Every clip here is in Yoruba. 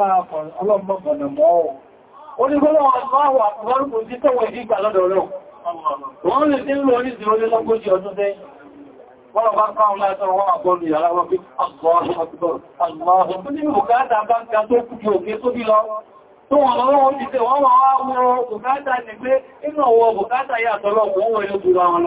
ọlọ́mọ̀gbọ̀nà mọ́ ọ̀. Ó ní gbọ́nà ọ̀pọ̀ àwọn ọ̀pọ̀ sí tọ́wọ̀ ìdígbà lọ́dọ̀ ọlọ́run. Wọ́n lè tí ń lọ orísìí orílọ́gbọ́jì ọdún sẹ́yìn. Wọ́n bá káwọn látọ̀ wọ́n àgbọ́nù yàrá wọn pé, Allahu Akbar, Allahu ti tẹ́ wọ́n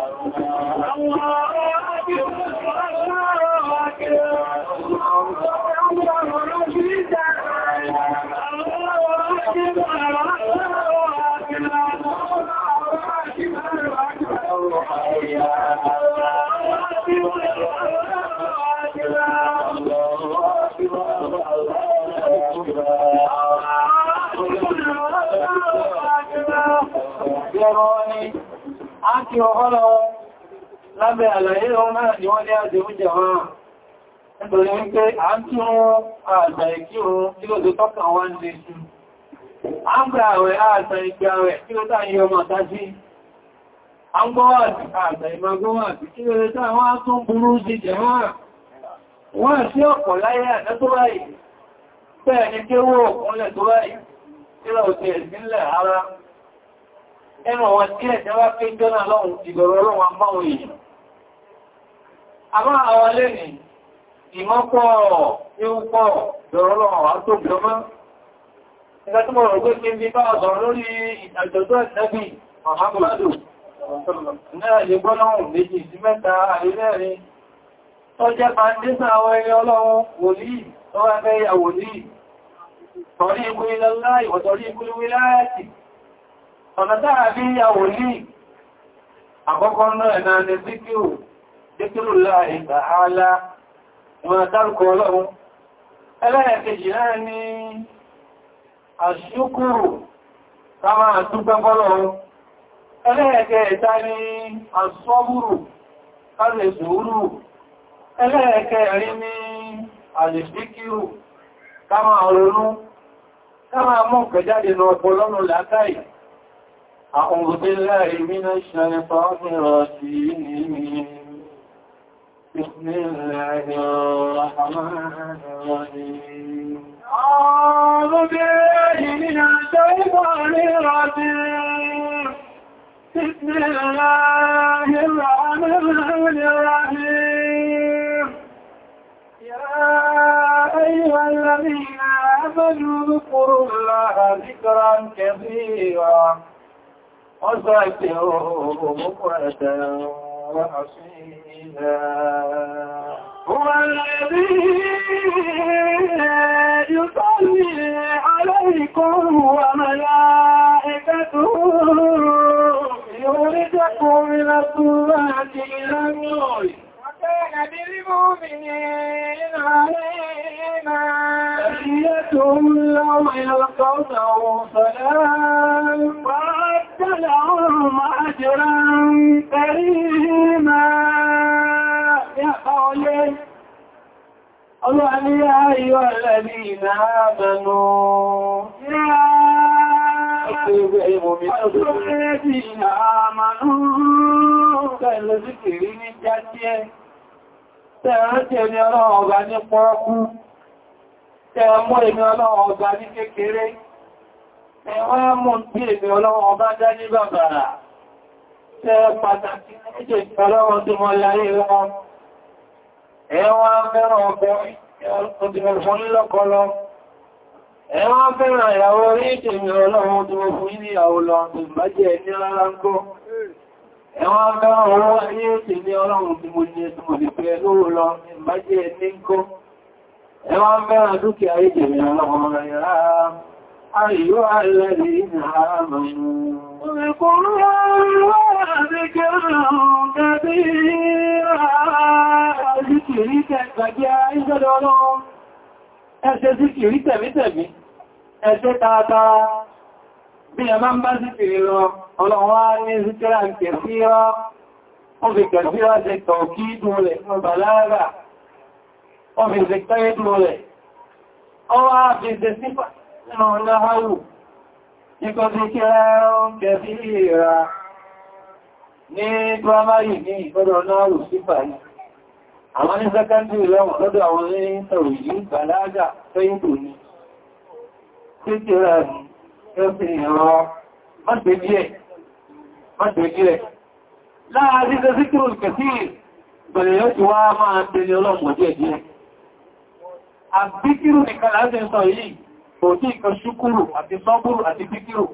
kí ọkọ́ lọ lábẹ́ àlàyé ọ̀rọ̀ náà ni wọ́n ní àjẹ́ oúnjẹ wọn nítorí wípé a ń kí wọn àgbà ìkí wọn kí ló tó tọ́kà wá ń lè a ń gbà àwẹ̀ àgbà ìgbà rẹ̀ kí ló táyí ọmọ àtàjí a ń gbọ́ àgbà ẹnu àwọn díẹ̀ tẹ́ wá pé jọ́nà lọ́hun ìbẹ̀rọ ọlọ́run amáwọn èèyàn. a máa àwọn alẹ́ ni ìmọ́pọ̀ ìwúpọ̀ ìbẹ̀rọ ọlọ́run àwọn tó gbọmọ́ ìgbà tí mo rọ̀ pé kí n bí bá ọ̀sọ̀rọ̀ lórí àjọ̀dọ́ ẹ̀sẹ́bì ọ̀hámùládò náà lè gbọ́nàhùn méjì sí mẹ́ta àrílẹ́rin tó jẹ́ fàndésà àwọn ẹni ọlọ́run wòlíì tó wá fẹ́ yà wòlíì tọ̀rí ikú ilẹ̀ láì wọ̀tọ̀rí ikú wíláyàtì ọ̀nà dára bí ya wòlí àkọ́kọ́ náà ẹ̀nà ni zikiru zikiru láì tààlá wọn dárúkọ ọlọ́run ẹlẹ́ẹ̀kejì náà ni àṣúkúrù káàmà àtúgbẹ́gbọ́lọ́run ẹlẹ́ẹ̀kẹta ni àṣọ́bùrù káàlẹ̀ sùúrù ẹlẹ́ẹ̀kẹrin ni àlèṣíkírù káàmà ọ̀rọ̀nú أعوذ بالله من الشيطان الرجيم بسم الله الرحمن الرحيم أعوذ بالله من الشيطان الرجيم بسم الله الرحمن الرحيم يا أيها الذين آمنوا اذكروا الله ذكرا كثيرا وذاكره بكرة وأصيلا هو الذي يصلي عليكم وملائكته يولدكم من الظلمات إلى النور كان بالمؤمنين عليما تحيتهم لو يلقونه سلام وعد لهم أجرا كريما يا قولي الله يا أيها الذين آمنوا يا الذين آمنوا كالذكر من جاتيه tẹ́ẹ̀rántí ẹni ọlọ́run ọba ní pọ́ọ́kú tẹ́ẹ̀mọ́ èmi ọlọ́run ọba ní kékeré ẹ̀wọ́n mọ́ bí èmi ọlọ́run ọba dá ní bàbàrà tẹ́ẹ̀ pàtàkì ẹjẹ̀ ọlọ́run tó mọ́ láyé wọn ẹ̀wọ́n fẹ́ràn ọkùnrin ọdún lọ́kọlọ ẹ̀wọ́n fẹ́ràn ìyàwó orí ìtẹ̀mì ọlọ́run tó mọ́ fún ìyàwó lọ́run tó bá jẹ́ ní rárá ń kọ́ Ẹwọ́n ọ̀dọ́ ọwọ́ ayé òṣè ní ọlọ́run tí mo ní ẹ̀sùn mo lè fẹ́ lọ, bá jẹ́ kó. Ẹwọ́n mẹ́ràn dúkìá ìjẹ̀mì ọlọ́run rẹ̀ rárá. Àìyó àìlẹ́rì bí a máa ń bá síkìrì lọ ọlọ́wọ́ ní síkìrà ń kẹsíra ó fi kẹsíra ṣe tọ̀kí ìdún rẹ̀ fún bàlára ó fi ṣe tẹ́ ìdún rẹ̀ ó wá fi ṣe sípà nínú láháwù ikọ̀ síkìrà ń kẹsíra ní primary ní ìgbọ́dọ̀ láháwù sípà ní àwọn ní secondary lọ́wọ́ lọ́dọ̀ àwọn ní sọ̀rọ̀ yìí bàlára tẹ́yìn tò ní síkìrà ní Láàrín ṣe síkírò kẹsí bẹ̀rẹ̀ yóò ti wá máa tẹ̀lé ọlọ́pọ̀ díẹ̀ díẹ̀. Àbíkírò nìkan láti ń sọ yìí, kò tí ìkan ṣúkúrù àti sọ́búrù àti bíkírò.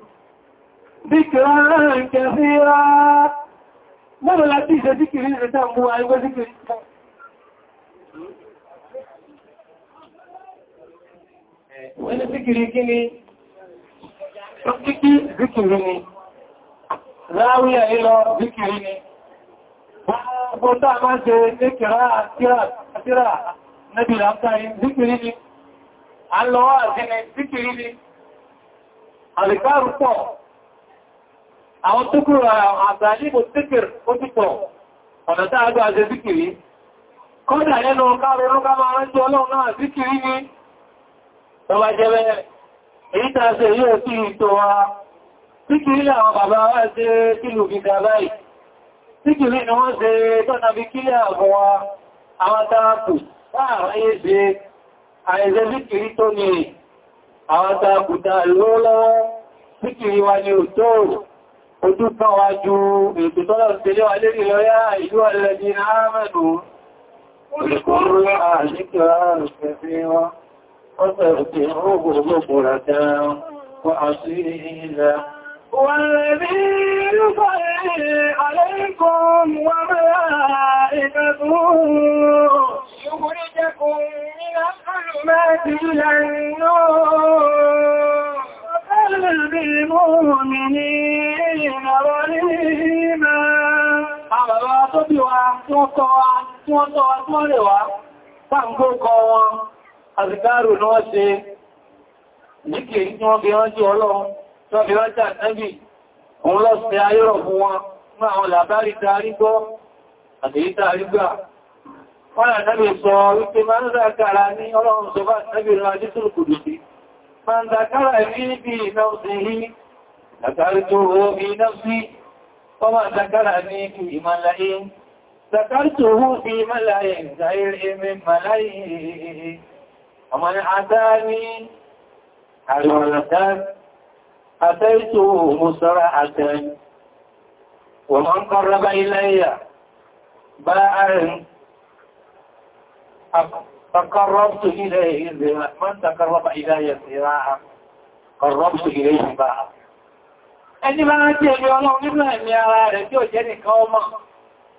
Wọ́n ni síkìrí kí ni Tọ́kíkí zikiri ni, láwíyà ilọ̀ zikiri ni, gbogbo tá a máa ṣe ní kìrá àtírà níbi ìlàmtàrí zikiri ni, a lọ wá àzínẹ̀ zikiri ni, àlìkárù pọ̀, àwọn tókùrù àtàlíbò zikiri ó ti pọ̀, ọ̀nà tá a gbà ṣe zikiri. Kọ́dà nínú káàrùn-ún ká máa rántí ọlọ́run náà zikiri ni, tọ́bá jẹ́ bẹ́ẹ̀ èyí tàà ṣe yóò sí ìtò wa tí kìí láwọn bàbá wá ṣe kílù fi dà báyìí tí kìí ni wọ́n ṣe tọ́ta fi kí àwọn àwọn tààkù láàráyé ṣe àìṣẹ́ síkìrí tó ní àwọn tààkù tàà lọ́wọ́ síkìrí wa ni وتغفره بكرة وأصيلا والذي يصلي عليكم وملائكته يخرجكم من الظلمات إلى النور وقلب المؤمنين رحيما Àwọn bàbá tó bí wa tí wọ́n tọ́ wa, tí wọ́n tọ́ wa, tí wọ́n lè wa, pàǹkó kọ wọn, àzìkárò ní wọ́n ṣe níkèrí tí wọ́n fi rántí ọlọ́run tí wọ́n fi rántí àtẹ́bì òun lọ sí ayọ́rọ̀ fún wọn fún àwọn làbárí tarí gbọ́ àtèyí tarí gbà wọ́n àtẹ́bì sọ wípé máa ń dákàrà ní ọlọ́run sọ bá àtẹ́bì rán adétòrò kò lòdì máa ń dákàrà ẹ̀mí níbi ọmọ ni àtàrí àríwọ̀lọ̀tán àtẹ́ìtò òmùsọ́rà àtẹ́rin wọ́n máa ń kọ́rọ̀ bá ilẹ̀ ìyà bá àrin فقربت إليه من تقرب إلي سراعا قربت إليه باعا ẹni máa jẹ́ ẹ̀mí ọlọ́run nígbà ẹ̀mí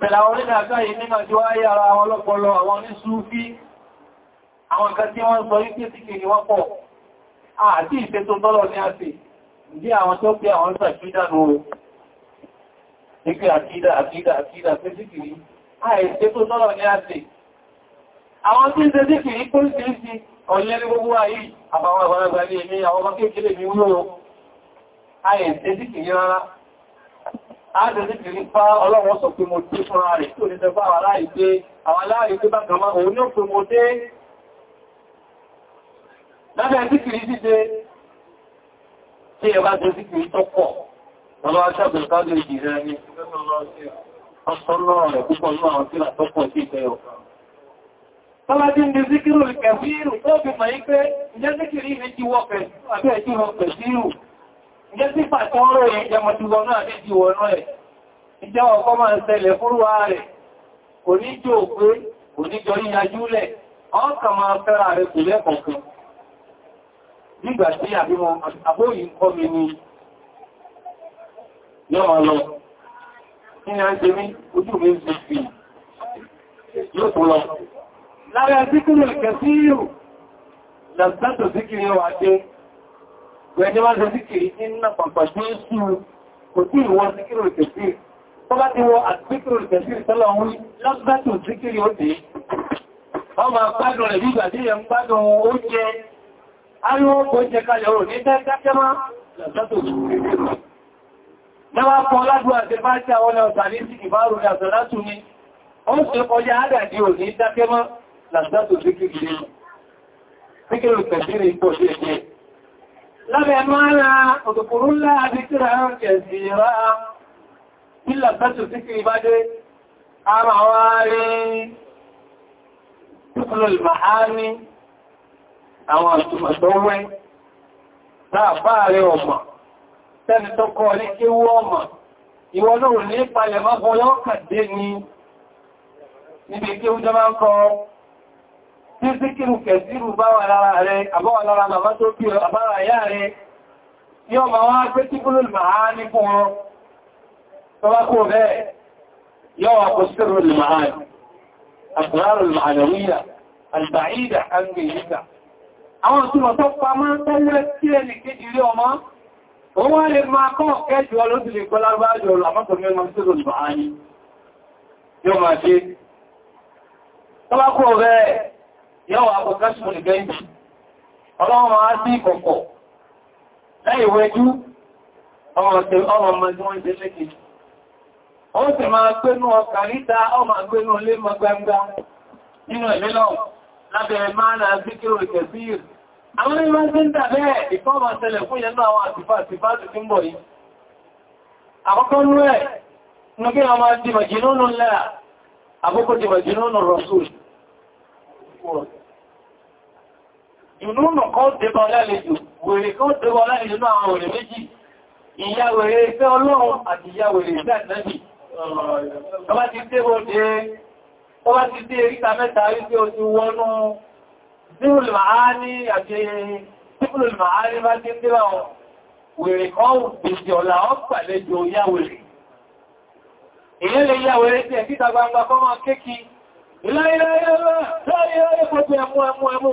Pẹ̀lá orílẹ̀ àgbáyé nínú àjọ ayé ara àwọn ọlọ́pọ̀lọ àwọn oníṣúfí, àwọn kan tí wọ́n sọ wípé tí kìí wọ́n pọ̀. Àti ìfẹ́ tó tọ́lọ ní àti, ìdí àwọn tó pé àwọn ìsàkídà nù ó. Ìpé àkídà, àkídà, àkídà, pé tí kìí, àìsẹ́ tó tọ́lọ ní àti, àwọn tí ń ṣe díkì ní kó sí sí ọ̀lẹ́ ní gbogbo ayé àbáwọn àgbàlagbà ní èmi àwọn ọmọ kékeré mi wúrò ayé ṣe díkì ní rárá ààrẹ díkì ní fá ọlọ́wọ́ sọ pé mo dé fúnra rẹ̀ tó ní tẹ fá àwọn aláì pé àwọn aláì pé bá kàmá òun ní òpin mo dé lábẹ́ díkì ní ṣíṣe tí ẹ bá ṣe díkì ní tọ́pọ̀ ọlọ́wọ́ sábẹ̀ káàdì ìjì rẹ̀ ni ọ̀sán náà rẹ̀ púpọ̀ náà tí ìlà tọ́pọ̀ sí ìfẹ́ ọ̀kan Tọ́lájí ndị di síkírù ìkẹfíìrù tó fi mọ̀ yí pé ìjẹ́ síkìrí ní ti wọ́pẹ̀ àti ẹ̀jú lọ pẹ̀ sírù. Ìjẹ́ sí pàtọ́ ọ̀rọ̀ yìí jẹmọ̀ ti wọnú àti ti wọnú ẹ̀. Ìjẹ́ ọkọ́ máa ń ṣẹlẹ̀ fúrúwà rẹ̀, kò ní jò pé, kò ní jọ yíyajúlẹ̀, ọkà lára síkúrò ẹ̀kẹ́ sí ìrù lọ́sátò síkiri ọwà dé gbẹ̀ẹ́ni wá ń sọ síkiri ní náà pàpà tó ń sú kò tí ìwọ̀n síkúrò ẹ̀kẹ́ sí tó bá ti wọ àtíkúrò ẹ̀kẹ́ sí ìtọ́lọ̀ orí lọ́sátò síkiri ó dé wọ́n máa gbádùn rẹ̀ bí ìgbàdí ẹ̀ ń gbádùn oúnjẹ ariwo oúnjẹ kalẹ̀ òrò ní tẹ́kẹ́kẹ́má lọ́sátò síkiri Náwà kan ládùú àti bá jẹ́ àwọn ọ̀sà ní sí ìbárò ní àṣọ látún ní, ó ń ṣe kọjá àdàdì òní dákẹ́mọ́ làdátò síkìrì síkìrì tẹ̀sírì pọ̀ sí ẹ̀kẹ́ lábẹ̀ mara òkùnkùrú ńlá àdíkìrà kẹsìrá ní làdátò síkìrì bá dé ara wá rí tíkùlù màámi àwọn àtùmọ̀tọ́wẹ́ láàfáà rẹ̀ ọmọ tẹ́ni tó kọ́ ní kí wọ́n mọ̀ ìwọ lóòrùn ní palẹ̀mọ́ fún ọlọ́kàdé ni níbi kí ó jọ máa ń kọ́ tí síkìrù kẹsìrù bá wà lára rẹ̀ àbọ́wà lára bàbá tó bí àbára ìyá rẹ̀ yóò máa wá pé tí kúrò màá ní fún wọn tó bá kó bẹ́ẹ̀ yóò wà kò sírò màá àgbàrò màánàwíyà albàídà angbèyíta àwọn ìtumọ̀ tó pamọ́ tẹ́lẹ̀ tí ẹni kéjì rí yọ́wọ́ abọ̀kásùn ìgbẹ́ǹdì ọlọ́run á sí ìkọ̀kọ̀ láìwẹ́jú ọmọ tí wọ́n jẹ́ lékè ó sì máa gbénú ọkà ríta ọmọ gbénú olé mọ gbangba nínú ẹ̀mí lọ lábẹ́ máa náà síkírò ìkẹ̀síyìí àwọn ìmọ̀ tí ń dàbẹ́ ìfọ́mọ̀ tẹ́lẹ̀ fún yẹnú àwọn àtìfà àtìfà tó tí ń bọ̀ yìí àkọ́kọ́ nú ẹ̀ nùgbé ọmọ ti màjínúnù lẹ́ àkókò ti màjínúnù rọ̀sùl ìlúmọ̀ kan dẹba ọlálejò wèrè kan dẹba ọlálejò náà àwọn wèrè méjì ìyá wèrè ìfẹ́ ọlọ́run àti ìyá wèrè ìfẹ́ àtẹ́bì ọba ti dé bóde ọba ti dé ríta mẹ́ta rí pé o ti wọnú zíhùlù màá ní àti tíbùlù màá ní bá ti ń dé báwọn wèrè kan gbèsè ọ̀la ọ̀pàlejò ìyá wèrè ìyẹ́ lè yá wèrè tí ẹ̀kíta gbangba kọ́ máa kéèkì ìláyé láyé láyé láyé kọjú ẹmú ẹmú ẹmú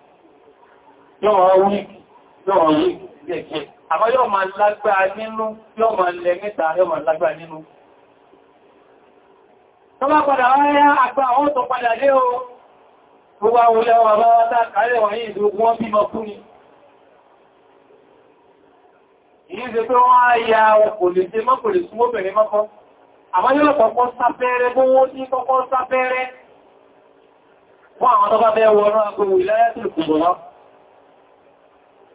yọ́ wọ́n wí yọ́ wọ́n wí gẹ̀gẹ̀ àmọ́ yọ́ ma lágbára nínú yọ́ ma lẹ níta yọ́ ma lágbára nínú tó bá padà wáyá àgbà àwọn tó padà dé o gbogbo àwọn olè ọmọ bá wá tákàrẹ wọ̀nyí ìdógún wọ́n bímọ fún ni ìyí ṣe pé wọ́n á ya kò lè ṣe mọ́ kò lè súnmọ́ bẹ̀rẹ̀ mọ́kọ́ àmọ́ yóò kọ́kọ́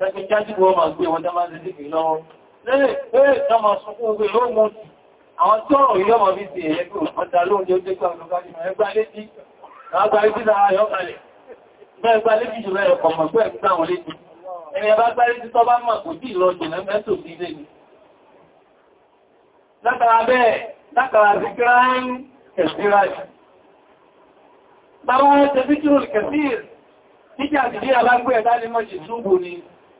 tẹ́kí jájú wọ́n máa gbé wọn dámá lẹ́dìkì lọ́wọ́ lẹ́rẹ̀ pé tọ́mà sọkún ogun ló mú àwọn tí ọ̀rọ̀ yíò mọ̀ bí ti ẹ̀yẹ́ pé òpàtà lóòjẹ́ ó dégbà ọ̀gbà ẹgbà létí lágbà létí lára yọ́ kalẹ̀ bẹ́ẹ̀ gbà létí jù lẹ́rẹ̀ kọ̀mọ̀ pẹ́ ẹ̀gbà wọn létí ẹni ẹbá gbà létí tọ́ bá mọ̀ kò tí ìlọ jìnà mẹ́tò sí ilé ni látara bẹ́ẹ̀ látara sí kíráyìn kẹsíráyìn báwọn ẹ̀tẹ̀ fíkírò kẹsír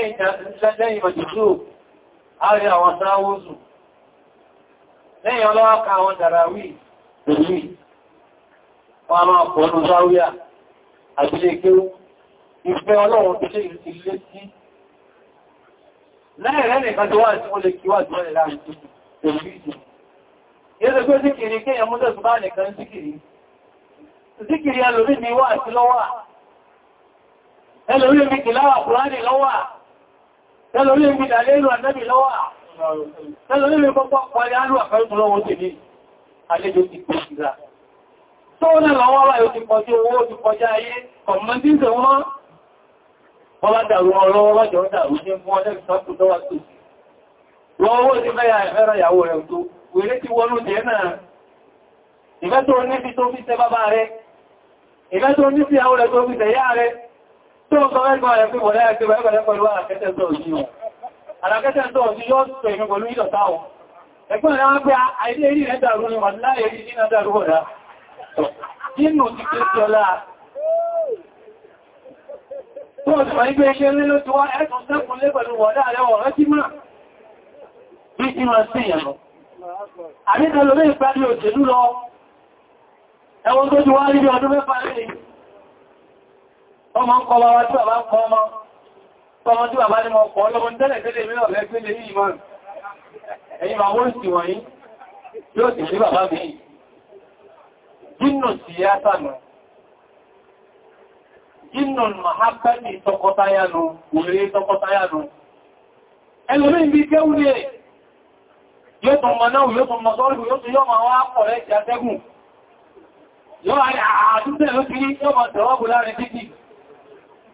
lẹ́yìn mọ̀jújú àrí àwọn sáwọ́sù lẹ́yìn ọlọ́wọ́ka àwọn dàràwì pẹ̀lú wọn máa pọ̀ ní sáwíà àbílé kéwú ìfẹ́ ọlọ́run tó ṣe ìlé sí lẹ́yìn rẹ̀ nìkan tó wà tí wọ́n lè kíwà tó rẹ̀ láàrín pẹ̀lú ìdí yẹ́sẹ̀ pé síkìrì kéèyàn múlẹ̀ tó bá nìkan síkìrì síkìrì ẹlòmí ni wà sí lọ́wà ẹlòmí mi kìláwà kùránì lọ́wà Tẹ́lọ̀lé ìgbìdà lérò àdẹ́bì lọ́wọ́ à. Tẹ́lọ̀lé lè pọ́pọ́ pàdé àrú àpẹẹkùn lọ́wọ́ tèmi. Àlejò ti pọ̀ síra. Tó ní lọ́wọ́ wà yóò ti kọjú owó ti kọjá ayé, kọ̀mọ́dí ìsẹ̀ wọ́n. Wọ́n bá dàrú ọlọ́wọ́ lọ́jọ́ dàrú ní fún ọdẹ́ ìsọ́kù tó wà tó. Lọ́wọ́ ti fẹ́ ẹ̀fẹ́ra ìyàwó rẹ̀ tó, wèrè ti wọnú jẹ́ náà. Ìfẹ́ tó ní fi tó sọ ẹgbà rẹ̀ pé wọ̀lẹ́ ẹgbẹ̀ ẹgbẹ̀rẹ̀ pẹ̀lú àrẹ́kẹ́tẹ̀ tó òjì wọn àrẹ́kẹ̀tẹ̀ tó òjì yóò pẹ̀lú pẹ̀lú ìdọ̀ta wọn ẹgbẹ́ rẹ̀ wọ́n pé àìdí èrí rẹ̀ dàrú ni wà láyé rí nínú dàrú ọ̀dá nínú ti ké sí ọlá tó ọ̀sọ̀ ìgbé iṣẹ́ lé ló ti wá ẹ̀sùn sẹ́kùn lé pẹ̀lú wọ̀dá rẹ̀ ọ̀rẹ́ sí máa bí i máa sí ìyànà ọmọ ń kọ bàbá tí bàbá ń kọ ọmọ tọmọ tí bàbá ní mọ kọ ọlọ́gbọ́n tẹ́lẹ̀ tẹ́lẹ̀ mìíràn lẹ́gbẹ́ lè yìí mọ́rin ẹ̀yìn màwó ìsì wọ̀nyí yóò sì sí bàbá mi jínà sí yátànà jínà mahabani tọkọtaya nù òrèrè tọkọtaya nù ẹlòmí ibi kéwú ní ẹ̀ yóò tún mọ̀ náà yóò tún mọ̀ sọ́rọ̀ yóò tún yọ́ ma wá kọ̀rẹ́ ìjàtẹ́gùn yóò àdúgbẹ̀ ló fi yọ́ ma tẹ̀wọ́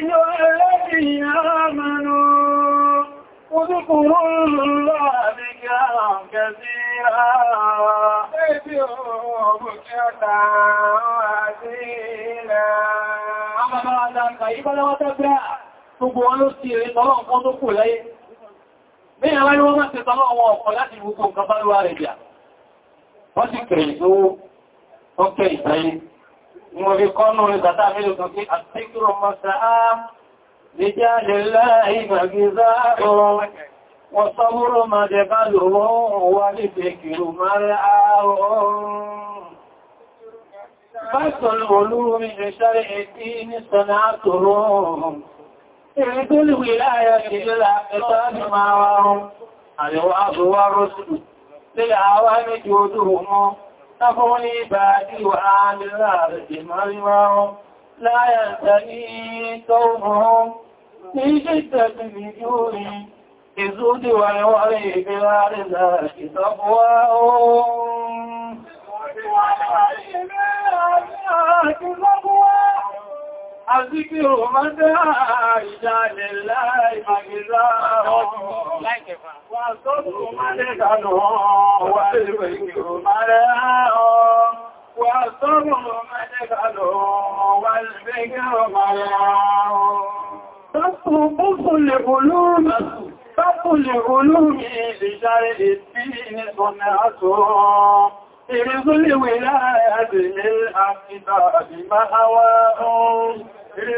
أيها الذين آمنوا اذكروا الله ذكرا كثيرا اذكروا بكرة وعزيلا أما بعد أن قريبا وتبرع gbogbo i àwọn ìwọ́n máa ti bá lówà rẹ̀ mo fi kọ́nù ìgbàtà mẹ́lù kan kí àtíkùrù mọ́sáà lè jẹ́ àlèlá ìgbàgbìzá ọ̀rọ̀ wọ́n sọ́wọ́rọ̀ máa jẹ bá lòrọ̀ wà ní ìgbèkìrù máa rẹ̀ àárọ̀ Àyẹ̀wò àbúwá rọ́sùn, tí àwọn ẹni jù ojú wọn أفوني بعدي وعامل الأرض مرمهم لا ينتهي صومهم في شدة بجوري الزود والوري بغار الله صفواهم ذكر مدى رجال الله مجزاهم والصدق ملكنهم والفكر ملاهم والصبر ملكنهم والفكر ملاهم تصبص لقلوب تصبص لقلوب لشرع الدين صنعتهم إرزل ولاية للأقباب مهواهم Àyíwájú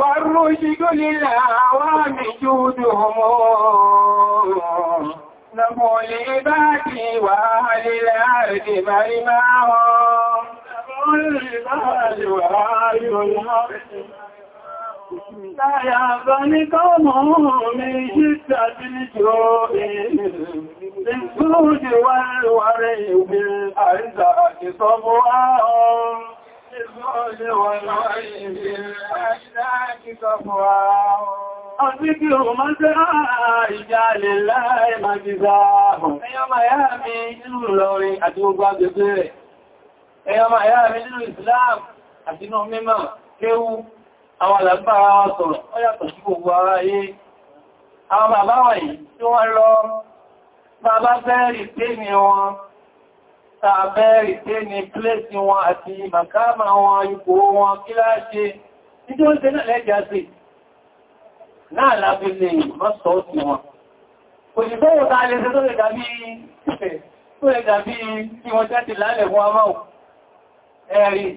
wà rújú gólìlà wà mí júdù ọmọ Nàmọ̀ lè bá ti wà lílà àrẹ̀dẹ̀ bari máa wọn. Nàmọ̀ lè bá ti wà lílà àrẹ̀dẹ̀ bari máa wọn. Láyàbá ní kọ́mọ̀ mi ṣíta sí jọ ìgbúrúdì wárẹ̀ ìwé àríta àti sọ́bọ̀ ààrùn. Ìgbúrúdì wárẹ̀ ìwé àríta àti sọ́bọ̀ ààrùn. Ọdí kí o máa jẹ́ ìjà lè láì máa jíza ọ̀hún. Ẹyọ́ máa yá mi nínú Ìlọrin àti gbogbo agbègbè rẹ̀. Ẹyọ́ máa yá mi nínú Ìsìláàmù àti náà mímọ̀ kéwú àwọn àlàgbára wọn sọ̀rọ̀ ó yàtọ̀ sí gbogbo ara yé àwọn bàbá wọ̀nyí tí wọ́n lọ bàbá bẹ́ẹ̀rì pé ní wọn tàbẹ́ẹ̀rì pé ní pléṣì wọn àti màkàmà wọn ipò wọn kíláṣe títí ó ń ṣe náà lẹ́jà sí náà lábí lè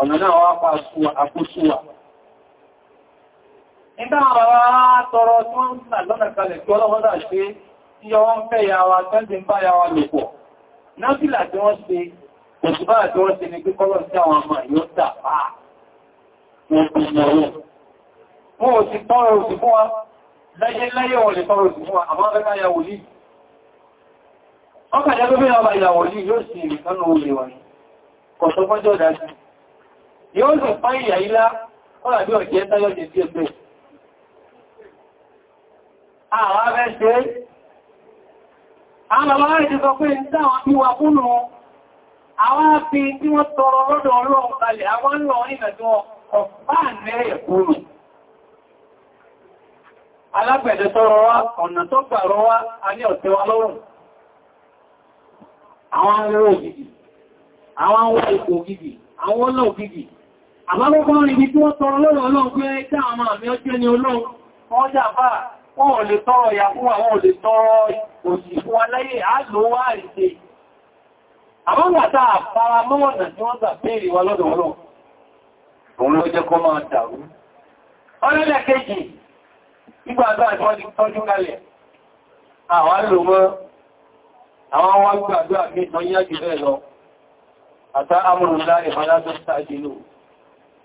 ọ̀nà náà wá pa àkóṣúwà. Nígbà bàbá tọrọ tí wọ́n ń lọ́nà kalẹ̀ tí ọlọ́wọ́dà ṣe tí ọwọ́n fẹ́ ya wa tẹ́lẹ̀ ń bá ya wa lò pọ̀. Náfìlà tí wọ́n ṣe, òṣùbá tí wọ́n ṣe ni pé kọ́lọ̀ sí àwọn ọmọ yóò dà pa wọ́n bí ìyàwó. Wọ́n ò ti tọrọ òsì fún wa, lẹ́yẹ lẹ́yẹ wọ́n lè tọrọ òsì fún wa, àmọ́ fẹ́ ká ya wòlíì. Ọkà jẹ́ tó bí ọba ìyàwó yìí yóò sì rìn kánú olè wà Kọ̀sọ́gbọ́jọ́ dájú. yóò lè pán ìyà ilá kọ́lá bí ọ̀jẹ́ táyọ́ jẹ sí ẹgbẹ́ àwọn ṣe A sọ pé ní àwọn tí wà fúnnù àwọn tí wọ́n tọrọ lọ́dọ̀ ọlọ́run kalẹ̀ àwọn lọ nígbàtí tí wọ́n tọrọ wá a ní ọ̀tẹ́ àwọn àbábọ́kọ́ rìn ní kí wọ́n tọrọ lọ́rọ̀ ọlọ́run pé ẹgbẹ́ àwọn àmì ọjọ́ ni ọlọ́run ọjà bá wọ́n ò lè tọrọ ìyà fún àwọn ò lè tọrọ òsì fún aláyé àlòwà àìsè àbábàtà àfara mọ́wọ̀nà tí wọ́n gbà béèrè wa lọ́dọ̀ ọlọ́run òun ló jẹ́ kó máa dàrú ọlọ́dẹ̀ kejì nígbà àgbà ìfọ́dí tọ́jú kalẹ̀ àwọn àlòmọ́ àwọn wá gbàgbà mí tọ́yá jù rẹ̀ lọ àtà amúrùn láì fọ́lá tó sáàjì lóòrùn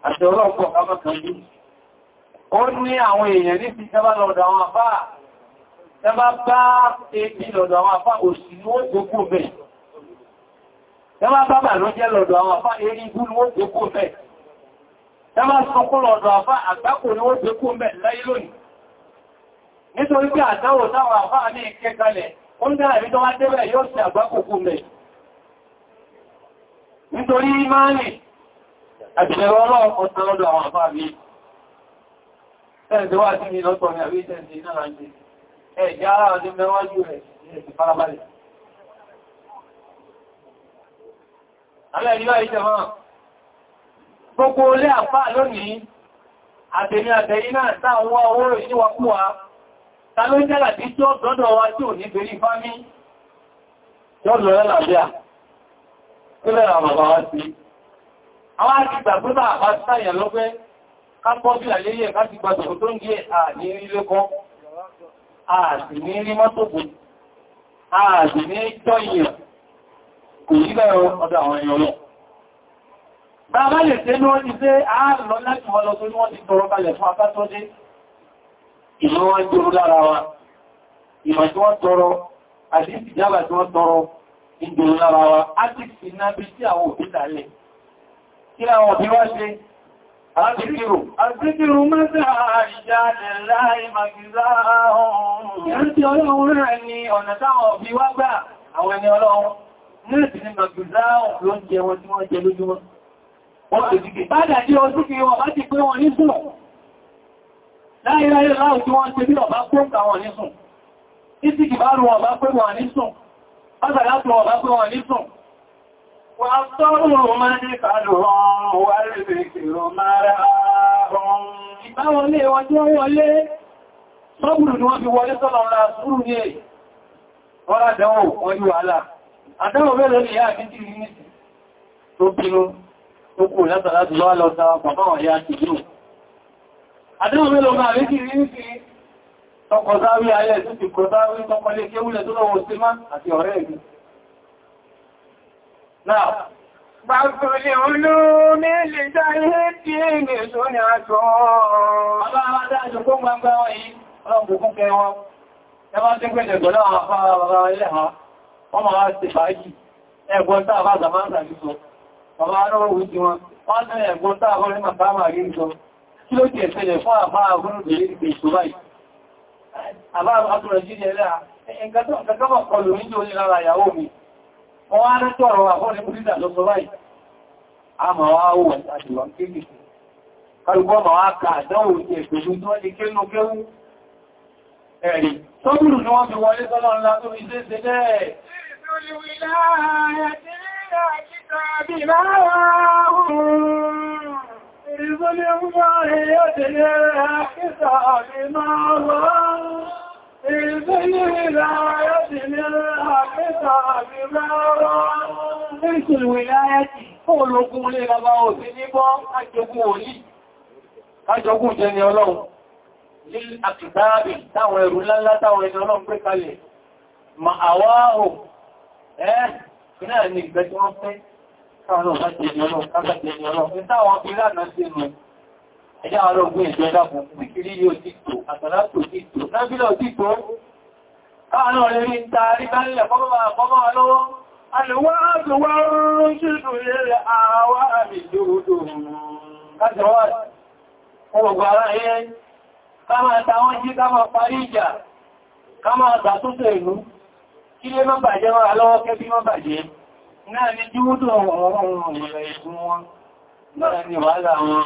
àti ọlọ́pọ̀ kàmọ́kànlú. Ó ní àwọn èèyàn ní fi tẹ́bá lọ́dọ̀ àwọn àfá, tẹ́bá bá èébì lọ́dọ̀ àwọn àfá òsì ní ó gbogbo bẹ̀. Tẹ́bá bá bà ló jẹ́ lọ́dọ̀ àwọn àfá erí igú ní ó gbogbo bẹ̀. Tẹ́bá sunkún lọ́dọ̀ àfá àgbákò ní ó Nítorí pé àdáwò táwọn àfá ní ìkẹ́kalẹ̀, ó ń dára ìbí tó wá débẹ̀ yóò sì àgbákò mẹ́. Nítorí ìmáàlì Àjẹ̀lẹ̀wọ́ ọlọ́run kò àwọn àfáà mi. Ẹ̀ẹ̀dẹ̀wà tí mi lọ́tọ̀ ni àbí ìṣẹ́ ìṣẹ́ náà ń jẹ. Ẹ̀ẹ̀dẹ̀ ara ọdún mẹ́wàájú rẹ̀ ní ẹ̀sì farabalẹ̀. Àlẹ́ ìlú àìṣẹ́ máa. Gbogbo olé àfáà lónìí, àtẹ̀mí àtẹ̀yí náà táwọn wá owó rẹ̀ níwàkúwà. Ta ló jẹ́là tí tí ó dọ́dọ̀ wa tí ò ní bèrí fámí? Yọ́ lọ́rẹ́ làbíà. Kí lẹ́ra bàbá wá sí? àwọn àgbìgbà pé bá àbá sáyà lọ́pẹ́ kápọ́ bí àléyẹ̀ káti gba tòrò tó ń gé àní ilé kan àti ní rí mọ́tòkù àti ní tọ́yìn kò yí bẹ̀rọ ọdọ̀ àwọn èèyàn lọ bàbá lè tẹ́ ló ti pé a lọ láti wọ́n lọ tó ní wọ́n ti tọrọ kalẹ̀ fún afátọ́dé ìmọ̀ wọn jòrò lára wa ìmọ̀ tí wọ́n tọrọ àti ìjábà tí wọ́n tọrọ ìjòrò lára wa á ti fi náà bí sí àwọn òbí lálẹ̀ kí àwọn òbí wá ṣe Àdìkìrò, àdìkìrò mẹ́ta àìjáde láì màgìzá ọ̀hún. Ìrántí ọlọ́run rẹ̀ ni ọ̀nà táwọn òbí wá gbà àwọn ẹni ọlọ́run. Nírètì ni màgìzá ọ̀hún ló ń jẹ wọn tí wọ́n jẹ lójúmọ́. Wọ́n tó jìkì bá dàjí ọdún kí wọ́n bá ti pé wọn ní sùn. Láìráyé láàrùn tí wọ́n ṣe bí ọ̀bá pọ́ǹkà وأفضلوا مدخلهم والذكر مرآهم ìbáwọlé wọjọ́ wọlé sọ́gbùrù ni wọ́n fi wọlé sọ́lọ́lá sùúrù ní èyí wọ́n àdánwò wọ́n yíò àlà àdánwò mẹ́rin ní yáà títí rí nìtì tó bínú tó kò látàlá ti lọ́wọ́ lọ́ta bàbá wọ̀n yá ti jù àdánwò mẹ́rin máa rí kìí rí nìtì tọkọ̀sáwí ayẹ́ tó ti kọ̀sáwí tọkọ̀lé kéwúlẹ̀ tó lọ́wọ́ sí àti ọ̀rẹ́ ìgbì Náà. Gbàgbùlì olómi lè dá ilé tí èmì tó ní àjọ. Ọlá àwádá ìjọkó gbangba wọ́n yìí, ọlọ́pùpù kẹ wọn. Ẹbá tí gbẹ̀lẹ̀ gọ́lá àwọn afárá bàbá ilẹ̀ ha, wọ́n máa ti fàájì, ẹgbọ́n tàà bá zàmánsà ní sọ. Bàbá arọ́wọ́ wùjí wọn, wọ́n ní ẹgbọ́n tàà bọ́ ní màbá màá rí sọ. Kí ló ti ẹ̀sẹ̀lẹ̀ fún àbá agúrú bèèrè ìpè ìṣòbá yìí? Àbá àbúrò jíjẹ lẹ́à, ẹgbẹ́ tó ń kẹ́kọ́ wọ́n wá ní tọ́rọ àfọ́nì múrídà lọ sọ báyìí a ma wá ó wọ̀n àti wọ́n kéèkì kọlùkọ́ ma wá ka àdánwò ti ẹ̀gbẹ̀rún tó ní kéèkì kéwú ẹ̀rì tó gúrù ní wọ́n fi wọlé sọ́lọ́ ńlá tó fi ṣe ṣe bẹ́ẹ̀ Ìrìnlẹ̀ إذن ولاية للحقيقة بمارا إذن الولاية ológun lè bàbá òsì níbọ́ àjogún òní àjogún jẹ ni ọlọ́run ní àkìtàábì táwọn ẹrù ńláńlá ẹjá àwọn ogun ìjọ ẹ̀dàkùn ìkiri yóò títò àtàlátò títò lábílọ̀ títò káàánà rẹ̀ rí taari bẹ́lẹ̀ fọ́mọ́ lọ́wọ́ alùwá àtùwá rúrún ṣíṣù lẹ́rẹ̀ àwọ́ àmì dòdò kájọwà ọgbọ̀gbọ̀ ara ẹ̀ ká máa ta wọ́n jí ká máa parí ìjà ká máa tàtútù ìlú kí lé mọ́ bàjẹ́ wọn alọ́wọ́ kẹ́bí náà ni jíwúdò ọ̀rọ̀ ọ̀rọ̀ ìgbùn wọn náà ni wàhálà wọn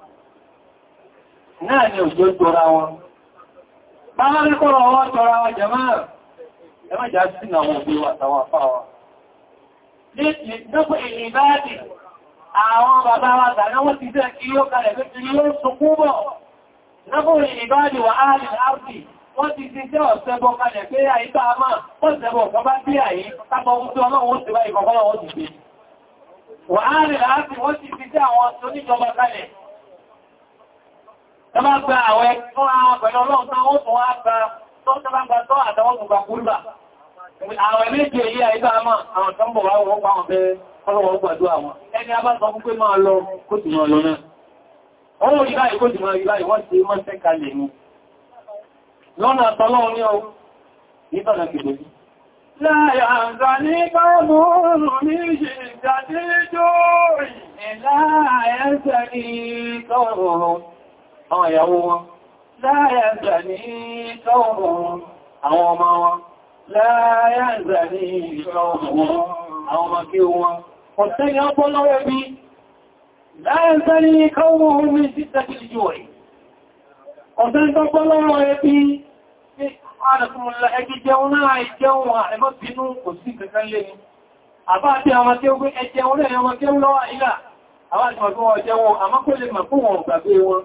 náà ni òjò jọra wọn bá rí kọ́rọ̀ wọ́n jọra wọn jẹ máa ẹmọ́jà sí àwọn òbí wa tàwọn afá wa nígbò àwọn bàbá wa tàná wọ́n ti jẹ́ kí yóò kalẹ̀ pé kí yóò sọkún bọ̀ nígbò ìrìnbáàdì wà áàrì áàrì wọ́n ti ti jẹ́ Tọ́bá gba àwẹ́ tó àwọn pẹ̀lú ọlọ́run tán ó tún wá gba tó tọ́bá gba tó àtàwọn gbogbo kúrúbà. Àwẹ̀ méjì èyí àìbá máa àwọn tó ń bọ̀ wá wọ́n pa àwọn bẹ́ ọlọ́wọ́ gbàdúrà wọn. Ẹni a bá sọ fún pé máa lọ kó tì máa lọ náà. Òun rí báyìí kó tì máa rí báyìí àwọn ìyàwó wọn láyà ìgbà ní ìṣọ́rùn àwọn ọmọ wọn láyà ìgbà ní ìṣọ́rùn àwọn ọmọ kí wọn kò tẹ́yà ọpọ́ bí láyà ìgbà ní ìkọ́wọ́ orí títà kìí jù ẹ̀ ọ̀sẹ́ ìtọ́pọ́ lọ́wọ́ ẹbí àwọn ọmọ tí wọn.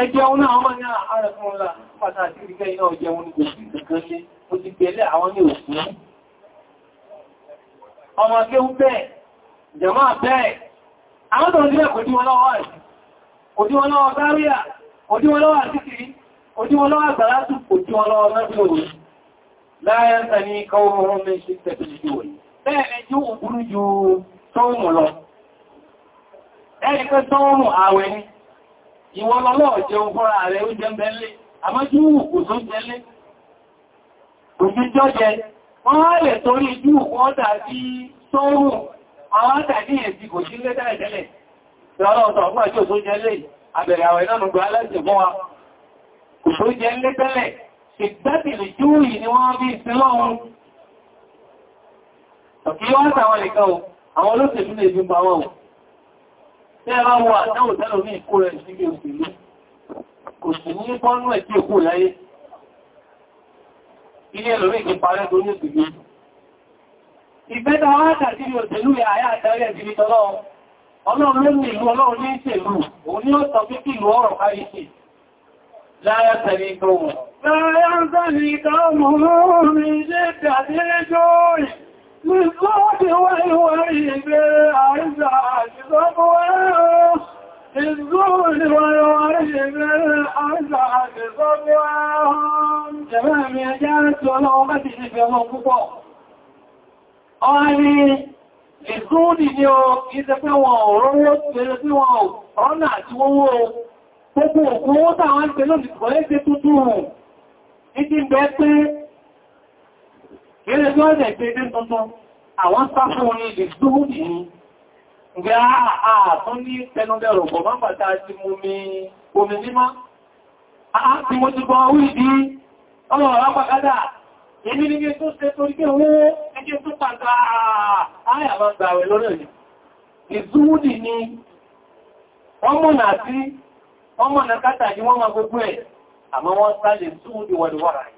ẹjẹun náà wọ́n ní ààrẹ fún ọlá pàtàkì ìgbẹ́ iná ọjẹun ní ìgbẹ̀kan ti gbẹ̀lẹ̀ àwọn ní òkú ọmọ akéhún bẹ́ẹ̀ jẹ̀mọ́ bẹ́ẹ̀ àwọn tó ń dílẹ̀ kò dí wọn lọ́wọ́ àti ìwọ́n lọ́lọ́ jẹun fọ́ra rẹ̀ oúnjẹ ń bẹ́lé àmọ́júwù kò tó jẹlé kò sí jọ́jẹ wọ́n lè torí júù wọ́n dàbí sọ́rùn àwọn àtàdí èsì kò sí lé dáìdẹ́lẹ̀ Àwọn olóṣèlú lè fi ń bá wọn. Tẹ́ra wọ àdáwò tẹ́lò ní ìkó rẹ̀ sí ilé òṣèlú. Kò sí ní bọ́nú ẹ̀ tí èkó láyé. Ilé ẹlòmí ìkí parẹ́ tó ní òṣèlú. Ìfẹ́ tó wá tàbí òṣèlú rẹ̀ àyá àtàrí ẹ̀ jìbìtọ́ lọ́wọ́. Ọlọ́run ló ní ìlú ọlọ́run ní ìṣèlú, òun ni ó sọ pé kí ìlú ọ̀rọ̀ káyé sí. Lára tẹ̀lé ìtọ́wọ̀. Lára tẹ̀lé ìtọ́wọ̀ بالصوت والوريد أعزى صفوة الزول والوريد أعزى صفوة تمام يا جارت ولغتي في منطقة قالي Ìsúnì ni ọ ìṣẹ́ pé wọn ò rọ́wọ́ pẹ̀lú sí wọn ò rọ́nà àti owó gbogbo òkú owó tàwọn ń pẹ̀lú ìpọ̀lẹ́sẹ̀ tuntun. Ìdí bẹ́ pé tí wọ́n àwọn sáfún ní ìgbóhùn ní gbé àtún ní tẹnudẹ̀rọ̀ pọ̀ máa bàtà ti mú mi omi mímá àti mo ti bọ́ orí ìdí ọmọ ọ̀rá pàkádà èmi ní gbé tó ṣe torí pé owó ẹgbẹ́ tó pàtà àáyà máa gbà rẹ̀ lórí ìzúwúdì ni ọmọ nà sí ọmọ nà kátà wọ́n máa gbogbo ẹ̀ àmọ́ wọ́n wọ́n rẹ̀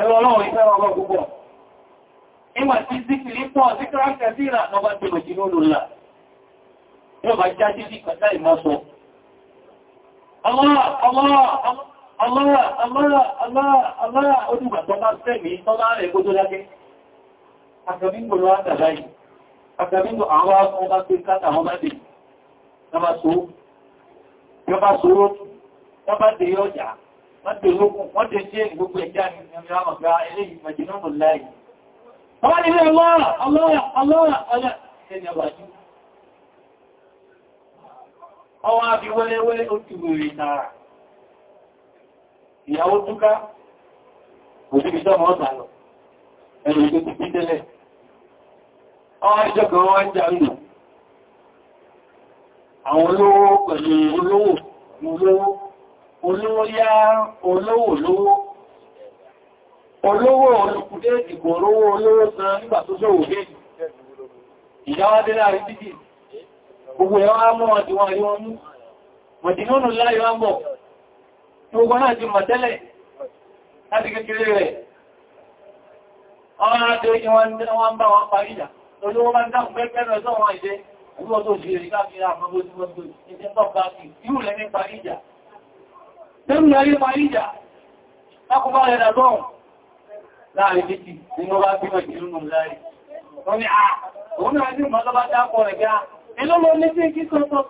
ẹ̀rọ ọlọ́run ìfẹ́ ọgbọ́ púpọ̀. Ìwà tí síkìlì pọ̀ sí kíráńkà sí ìrà lọ bá ti lòjì lólùlà. Yóò bá jájí sí kàtà ìmọ́sọ. Allah, Allah, Allah, Allah, Allah, Allah, odùgbà tó bá sẹ́mi tó bá rẹ̀ kó tó dáké. Àgbàmígbò lọ àtàlá yìí. Àgbàmígbò àwọn ọmọ bá pé kátà wọn bá dé. Yọba so, yọba so, yọba wọ́n tè lókun wọ́n tè ṣe gbogbo ẹ̀já ní ẹ̀mìrán ọ̀gá ah, eléyìí mọ̀jìnàmù láì wọ́n ni ilé lọ́rọ̀ ọlọ́rọ̀ ọlọ́rọ̀ ọlọ́rọ̀ ẹni ọ̀wájú ọwọ́ àbí wẹ́lẹ́wẹ́lẹ́ ó ti wèrè náà ìyàwó túká òṣìbí tọ́mọ̀ ọ̀tà lọ ẹni tó ti pí olówó yá olówó olówó olówó olùkúdé ìgbò olówó olówó san nígbà tó ṣòwò dé ìdáwádé láàrin títì gbogbo ẹ̀wọ́n á mọ́ ọdí wọn rí wọn mú mọ̀dínúnù láyé wọ́n bọ̀ tí gbogbo náà ti mọ̀ tẹ́lẹ̀ láti kékeré rẹ̀ ọmọ adé ni wọ́n bá wọn parí ìjà olówó bá ń dáhùn pẹ́pẹ́ rẹ̀ sọ́wọ́n tẹ́mù ayé máa yíjà lákùnbá rẹ̀ dàgbọ́n láàrin méjì nínú bá bí mẹ́jì nínú láàrin wọ́n ni àà òun náà ní ìmọ̀lọ́bá dápọ̀ rẹ̀ gá inú lọ ní sí kí sọ́tọ́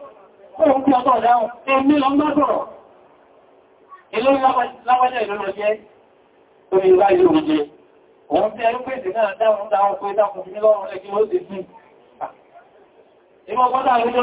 fóòun kí ọgbọ̀ dáhùn ẹni lọ ń bá sọ̀rọ̀ ilé láwọ́jẹ́ ìlú lọ jẹ́ orí ìwá ìlú jẹ́ òun tí ẹrú pèsè náà dáhùn dáhùn pé dákùn sí lọ́rùn ẹgbẹ́ ó ti sí ìmọ̀ gbọ́dọ̀ àrújọ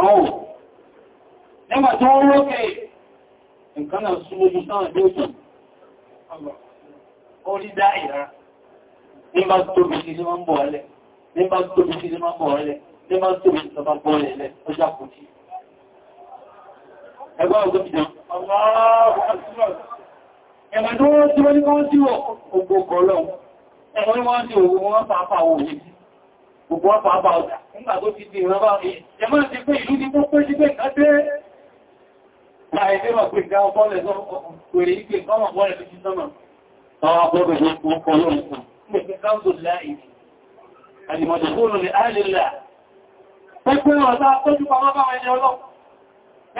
Oh. Nígbà tó ń rókè nǹkan náà súnmọ́ ojú sáà lójú, orí dá ìrá, nígbà tóbi sí ní máa ń bọ̀ ọlẹ̀, nígbà tóbi sí ní máa ń bọ̀ ọlẹ̀, nígbà tóbi sí ọba bọ̀ ọlẹ̀ ọjọ́ àkójí. Ẹgbẹ́ ọgbẹ́ ẹ̀mà tó wọ́n tí wọ́n ní wọ́n tí wọ́n gbogbo ọ̀gọ́lọ́ ẹ̀mà ní wọ́n tí òun wọ́n pàápàá òun gbogbo wọ́n pàápàá ọ̀dà nígbà tó ti di ìrọ́bá ẹ̀mà ti ti fún ìpè ní àìlèlà pẹ́pẹ́ ọ̀dá tọ́jú pàmọ́ bá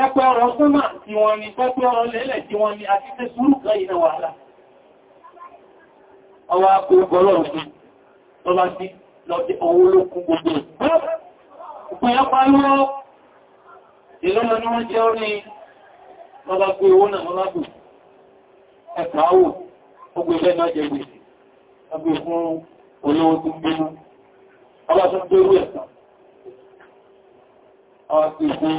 ẹpẹ́ ọ̀rọ̀ súnmà tí wọ́n ni pẹ́pẹ́ ọ̀rọ̀ lẹ́lẹ̀ tí wọ́n ni àti tẹ́ sùúrù kan ìnà wàhálà ọwọ́ akó gọ́lọ̀ sí lọ́bá sí lọ́dẹ owó lókún gbogbo ìpín ọpá lọ́ ìlọ́lọ́ ni wọ́n jẹ́ orí lọ́bá gbé owó náà lọ́lábù ẹ̀kọ́ àwò ogun ilẹ̀ náà jẹ gbèsè ọgbẹ̀ fún olówó tó gbénú ọba tó gbérú ẹ̀sán ọba tó gbérú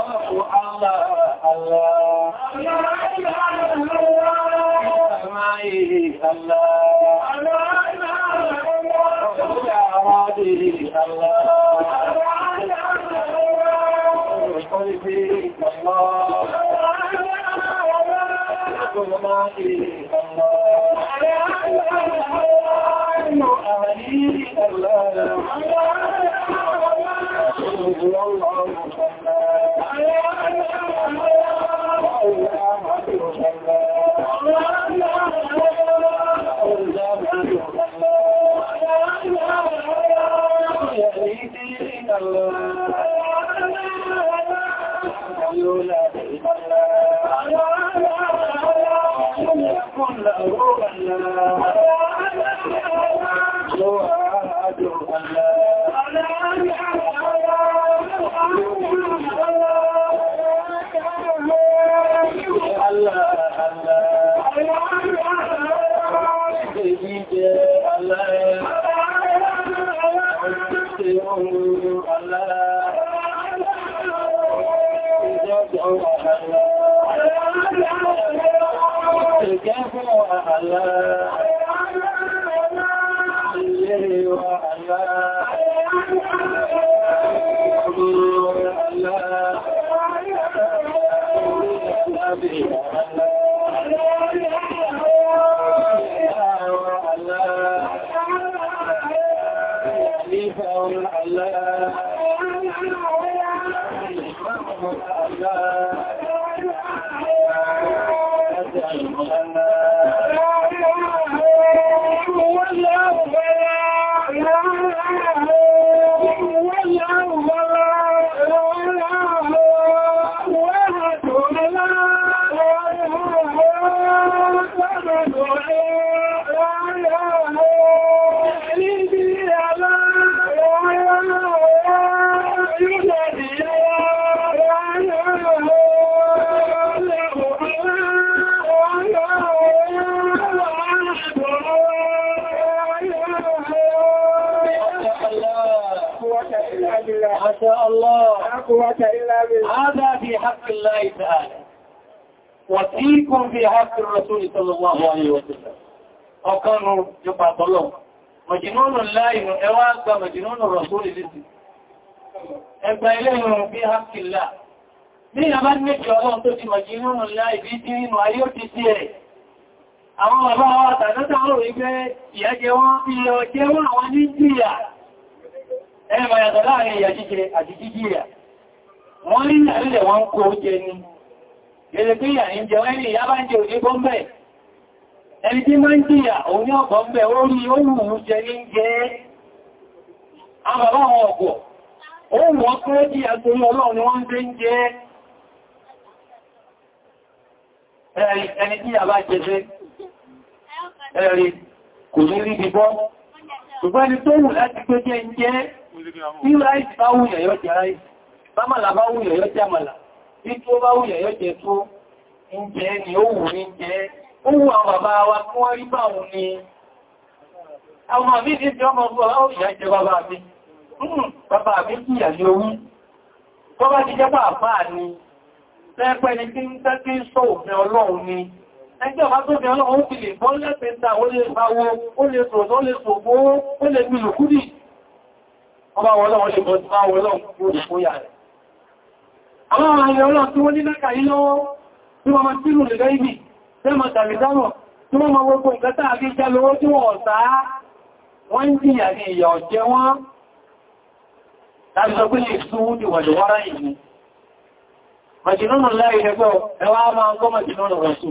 الله الله الله إله إلا الله الله الله إله إلا الله أراده الله قلبي الله ظلمائي الله أهلي الله الله الله Hallelujah. الله Mọ̀jìnúnù láìmù ẹwà gba mọ̀jìnúnù rọ̀súrì lítì. Ẹgbà ilé ìrùn bí hapkìlá. Bí i àbá ní kí ọlọ́run tó ti mọ̀jìnúnù láì bí tí nínú ayé ó ti sí ẹ̀. Àwọn bàbá wa tàdátà rò wípé ìyájẹ wọn ilẹ̀ ọjẹ́ wọn àwọn ní jíyà. Ẹ ma yàtọ̀ láàrin ìyà jíjẹ àti jíjìyà ẹni tí máa ń jìyà òun ní ọ̀pọ̀ mẹ́ orí oòrùn jẹ ní jẹ́ àbàbá àwọn ọ̀pọ̀ oòrùn ọkọ̀ jìyà torí ọlọ́run ni wọ́n ń jẹ́ ẹni tí àbá jẹ́ ẹ̀rí kò ní rí bíbọ́ ṣùgbọ́n ni tó wù láti tó jẹ́ ń jẹ́ Owó àwọn ti fi ọmọ ọgbọ̀ láwọ́ ìyá jẹ bàbá mi. kí ìyà ní Bọ́bá ti jẹ́ bàbá ni, lẹ́pẹ́ ni tí ń tẹ́ tí ń sọ òfin ọlọ́run ni. Ẹgbẹ́ ọba tó fi ọlọ́run fi lè bọ́ lẹ́pẹ́ta, ó lè báwo, ó lè sọ̀tọ́, ó lè sọ̀gbó, ó Ọba wọ́n lọ́wọ́ lè bọ́ tẹ́mọ̀ tàbí dámọ̀ tí wọ́n máa gbogbo nǹkan tàà fi jẹ́ lówó tí wọ́n ọ̀sá wọ́n ń jìyà ní ìyà ọ̀jẹ́ wọ́n láti sọ pé lè sún ní wàlúwárá ìlú màjìlónà láì ẹgbọ́ ẹwà máa ń gọ́ màjìlónà rọ̀sù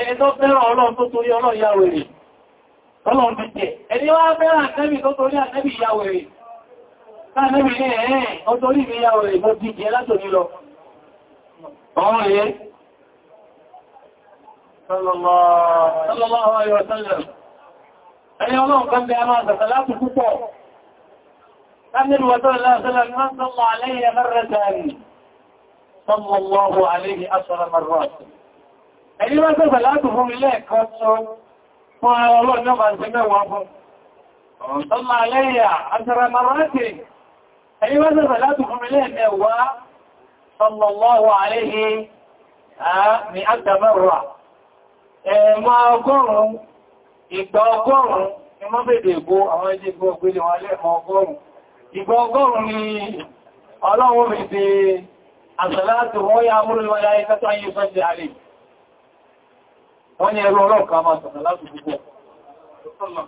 ẹni tó fẹ́ràn ọlọ́run tó torí ọlọ́run yà wèrè ọlọ́run ti tẹ̀ ẹni wá fẹ́ràn àtẹ́bì tó torí àtẹ́bì yà wèrè táàbí ní ẹ̀ẹ́ ọtorí mi yà wèrè mo ti jẹ sallallahu alaihi wa sallam ẹni ọlọ́run kan bẹ a máa gbàtà láti púpọ̀ láti wà tó lásìlá ní wọ́n sọ́mọ̀ aléyẹ mẹ́rẹ̀tàrí sọ́mọ̀lọ́wọ́ aléyẹ asọ́rọ̀ mẹ́rẹ̀ ẹni wọ́n sọ́gbà láti fún ilé ẹ̀kọ́ tó fún ọlọ́run náà máa ṣe mẹ́wàá fún sọ́mọ̀ aléyẹ asọ́rọ̀ mẹ́rẹ̀ ẹni wọ́n sọ́gbà láti fún ilé ee ọgọ́rùn-ún ìgbà ọgọ́rùn-ún ni wọ́n bèèrè ìgbó àwọn ẹjẹ́ ìgbó ọgbẹ́lẹ̀ wọn lẹ́ẹ̀mà ọgọ́rùn-ún ìgbà ọgọ́rùn-ún ni ọlọ́run mi ti wọ́n yá múrùlọ́wọ́ yá